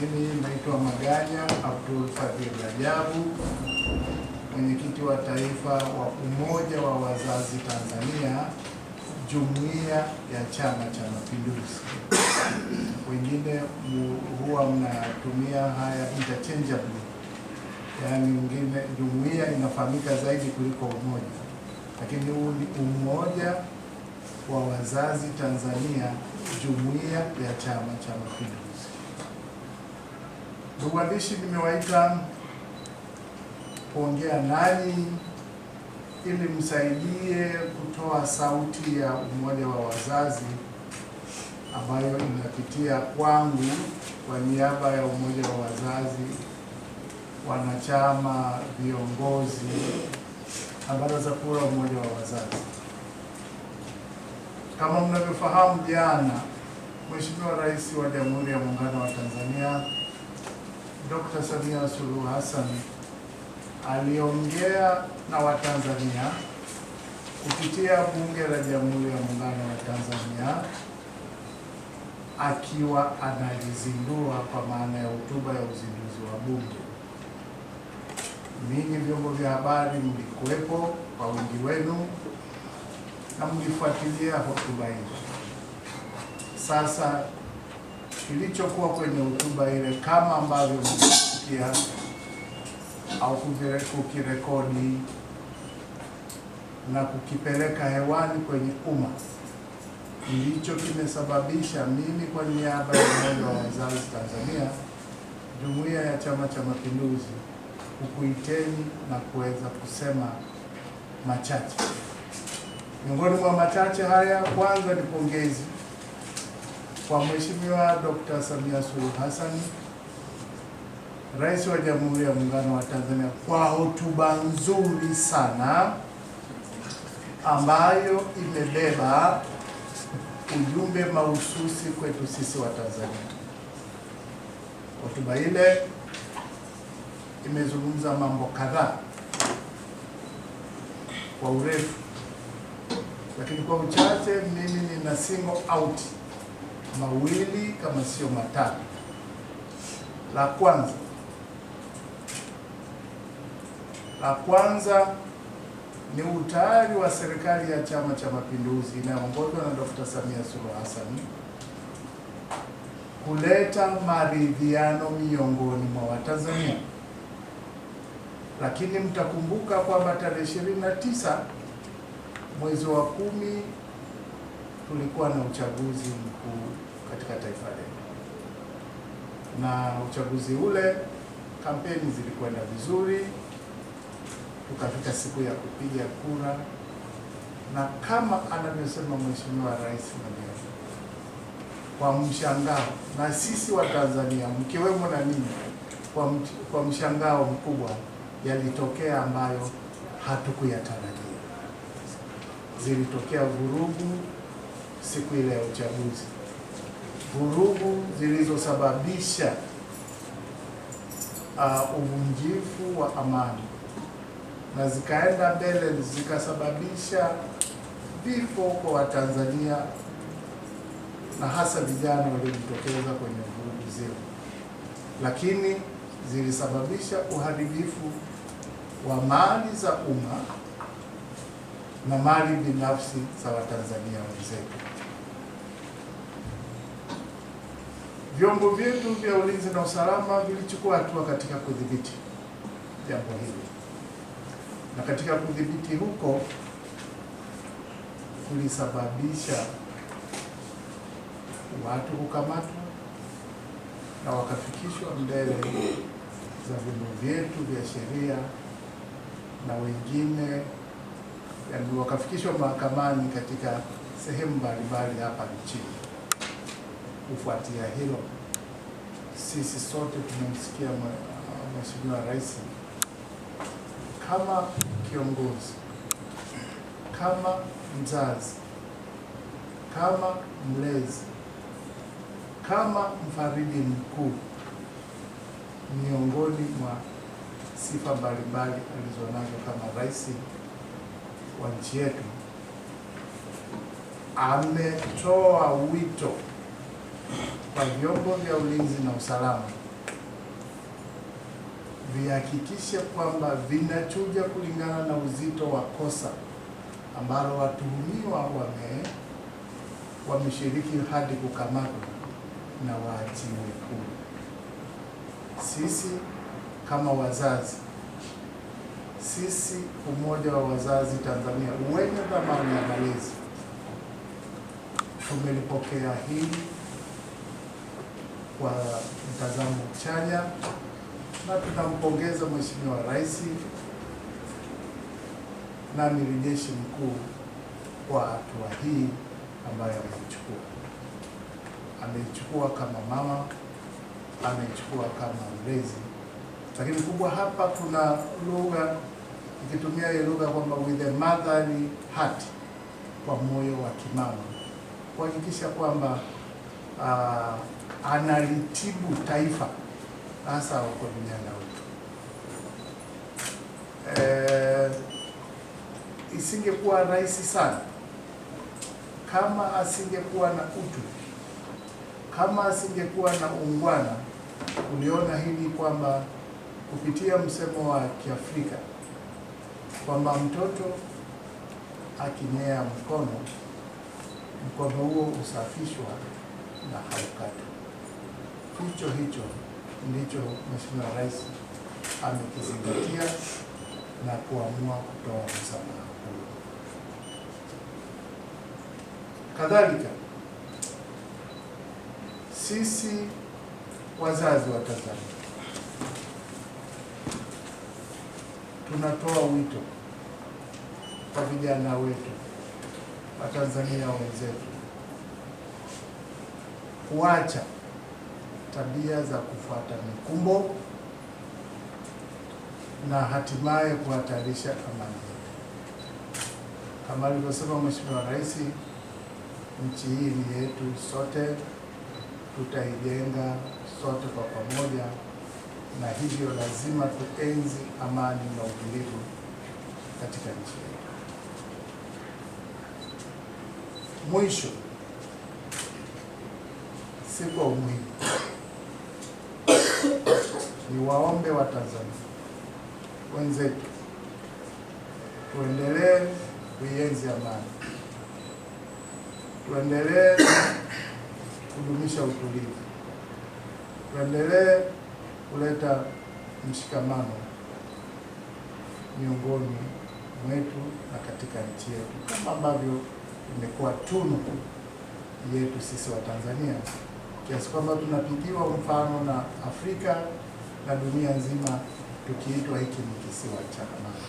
Mimi naitwa Maganya Abdul Fadhil Rajabu, mwenyekiti wa taifa wa Umoja wa Wazazi Tanzania, Jumuiya ya Chama cha Mapinduzi. Wengine huwa mnatumia haya interchangeably, yaani mwingine jumuiya inafahamika zaidi kuliko umoja, lakini huu ni Umoja wa Wazazi Tanzania, Jumuiya ya Chama cha Mapinduzi. Ndugu waandishi, nimewaita kuongea nanyi ili msaidie kutoa sauti ya umoja wa wazazi ambayo inapitia kwangu kwa niaba ya umoja wa wazazi, wanachama, viongozi na baraza kuu la umoja wa wazazi. Kama mnavyofahamu, jana Mheshimiwa Rais wa Jamhuri ya Muungano wa Tanzania Dkt. Samia Suluhu Hassan aliongea na Watanzania kupitia Bunge la Jamhuri ya Muungano wa Tanzania akiwa analizindua kwa maana ya hotuba ya uzinduzi wa Bunge. Ninyi vyombo vya habari mlikuwepo kwa wingi wenu na mlifuatilia hotuba hiyo. Sasa kilichokuwa kwenye hotuba ile kama ambavyo mmesikia au kukirekodi na kukipeleka hewani kwenye umma ndicho kimesababisha mimi kwa niaba ya Umoja wa Wazazi Tanzania, Jumuiya ya Chama cha Mapinduzi kukuiteni na kuweza kusema machache. Miongoni mwa machache haya, kwanza ni pongezi kwa Mheshimiwa Dr. Samia Suluhu Hassan, Rais wa Jamhuri ya Muungano wa Tanzania kwa hotuba nzuri sana ambayo imebeba ujumbe mahususi kwetu sisi wa Tanzania. Hotuba ile imezungumza mambo kadhaa kwa urefu, lakini kwa uchache mimi nina single out mawili kama sio matatu. La kwanza la kwanza ni utayari wa serikali ya Chama cha Mapinduzi inayoongozwa na Dr. Samia Suluhu Hassan kuleta maridhiano miongoni mwa Watanzania, lakini mtakumbuka kwamba tarehe 29 mwezi wa kumi tulikuwa na uchaguzi mkuu katika taifa letu, na uchaguzi ule kampeni zilikwenda vizuri, tukafika siku ya kupiga kura, na kama anavyosema Mheshimiwa Rais mwenyewe kwa mshangao, na sisi wa Tanzania mkiwemo na ninyi, kwa, kwa mshangao mkubwa yalitokea ambayo hatukuyatarajia, zilitokea vurugu siku ile ya uchaguzi, vurugu zilizosababisha uh, uvunjifu wa amani na zikaenda mbele zikasababisha vifo kwa Watanzania na hasa vijana waliojitokeza kwenye vurugu zile, lakini zilisababisha uharibifu wa mali za umma na mali binafsi za Watanzania wenzetu. vyombo vyetu vya ulinzi na usalama vilichukua hatua katika kudhibiti jambo hili, na katika kudhibiti huko kulisababisha watu kukamatwa na wakafikishwa mbele za vyombo vyetu vya sheria na wengine yani wakafikishwa mahakamani katika sehemu mbalimbali hapa nchini. Kufuatia hilo, sisi sote tumemsikia Mheshimiwa Rais kama kiongozi, kama mzazi, kama mlezi, kama mfaridi mkuu, miongoni mwa sifa mbalimbali alizonazo kama rais wa nchi yetu, ametoa wito kwa vyombo vya ulinzi na usalama vihakikishe kwamba vinachuja kulingana na uzito wa kosa ambalo watuhumiwa wame wameshiriki hadi kukamatwa na waachiwe huru. Sisi kama wazazi, sisi Umoja wa Wazazi Tanzania wenye dhamana ya malezi tumelipokea hili kwa mtazamo chanya na tunampongeza Mheshimiwa Rais na Amiri Jeshi Mkuu kwa hatua hii ambayo ameichukua. Ameichukua kama mama, ameichukua kama mlezi, lakini kubwa hapa kuna lugha ikitumia hiyo lugha kwamba with a motherly heart, kwa moyo wa kimama kuhakikisha kwamba uh, ah, analitibu taifa hasa wako vijana wetu. E, eh, isingekuwa rahisi sana kama asingekuwa na utu, kama asingekuwa na ungwana uliona hili kwamba kupitia msemo wa Kiafrika kwamba mtoto akinyea mkono, mkono huo usafishwa na haukata. Kicho hicho ndicho Mheshimiwa Rais amekizingatia na kuamua kutoa msamaha huo. Kadhalika sisi wazazi wa Tanzania tunatoa wito kwa vijana wetu wa Tanzania wenzetu kuacha tabia za kufuata mikumbo na hatimaye kuhatarisha amani yetu. Kama alivyosema Mheshimiwa Rais, nchi hii ni yetu sote, tutaijenga sote kwa pamoja, na hivyo lazima tuenzi amani na utulivu katika nchi yetu. Mwisho si kwa umuhimu. Ni waombe wa tanzania wenzetu tuendelee kuienzi amani, tuendelee kudumisha utulivu, tuendelee kuleta mshikamano miongoni mwetu na katika nchi yetu kama ambavyo imekuwa tunu yetu sisi wa tanzania kiasi kwamba tunapigiwa mfano na Afrika na dunia nzima, tukiitwa hiki ni kisiwa cha amani.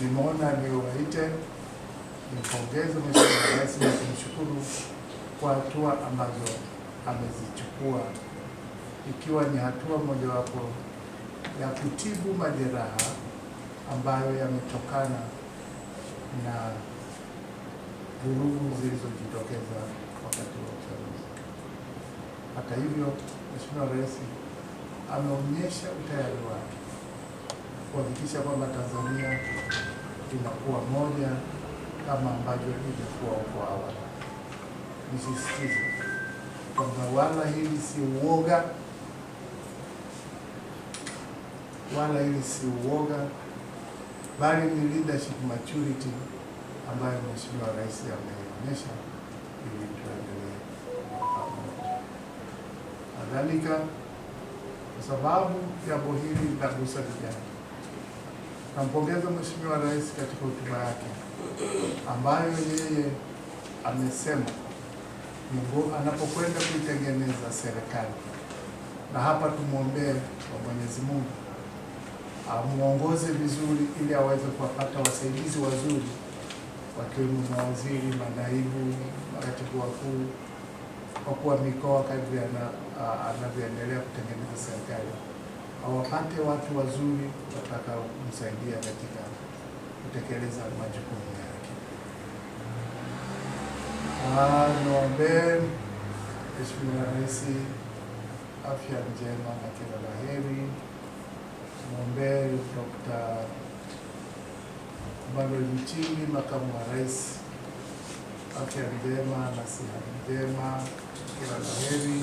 Nimeona ndio waite nimpongeze Mheshimiwa Rais na kumshukuru kwa hatua ambazo amezichukua, ikiwa ni hatua mojawapo ya kutibu majeraha ambayo yametokana na vurugu zilizojitokeza wakati wa uchaguzi. Hata hivyo, Mheshimiwa Rais ameonyesha utayari wake kuhakikisha kwamba Tanzania inakuwa moja kama ambavyo ilikuwa huko awali. Nisisitize kwamba wala hili si uoga, wala hili si uoga, bali ni leadership maturity ambayo Mheshimiwa Rais ameonyesha ili tuendelee pamoja. Kadhalika, kwa sababu jambo hili linagusa vijana, nampongeza Mheshimiwa Rais katika hotuba yake ambayo yeye amesema anapokwenda kuitengeneza serikali, na hapa tumwombee kwa Mwenyezi Mungu amwongoze vizuri, ili aweze kuwapata wasaidizi wazuri wakiwemo mawaziri, manaibu, makatibu wakuu, kwa kuwa mikoa, kadri anavyoendelea kutengeneza serikali, awapate watu wazuri watakaomsaidia katika kutekeleza majukumu yake. Niwaombee Mheshimiwa Rais afya njema na kila la heri. Mwombee Dr. Emmanuel Nchimbi, makamu wa rais, afya njema na siha njema, kila la heri.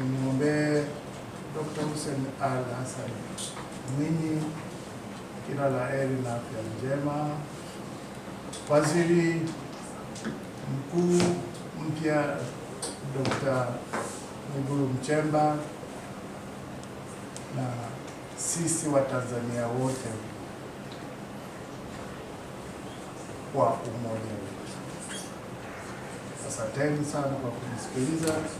Nimwombee Dr. Hussein Ali Hassan Mwinyi kila la heri na afya njema. Waziri mkuu mpya Dr. Mwigulu Nchemba na sisi Watanzania wote kwa umoja wetu. Asanteni sana kwa kunisikiliza.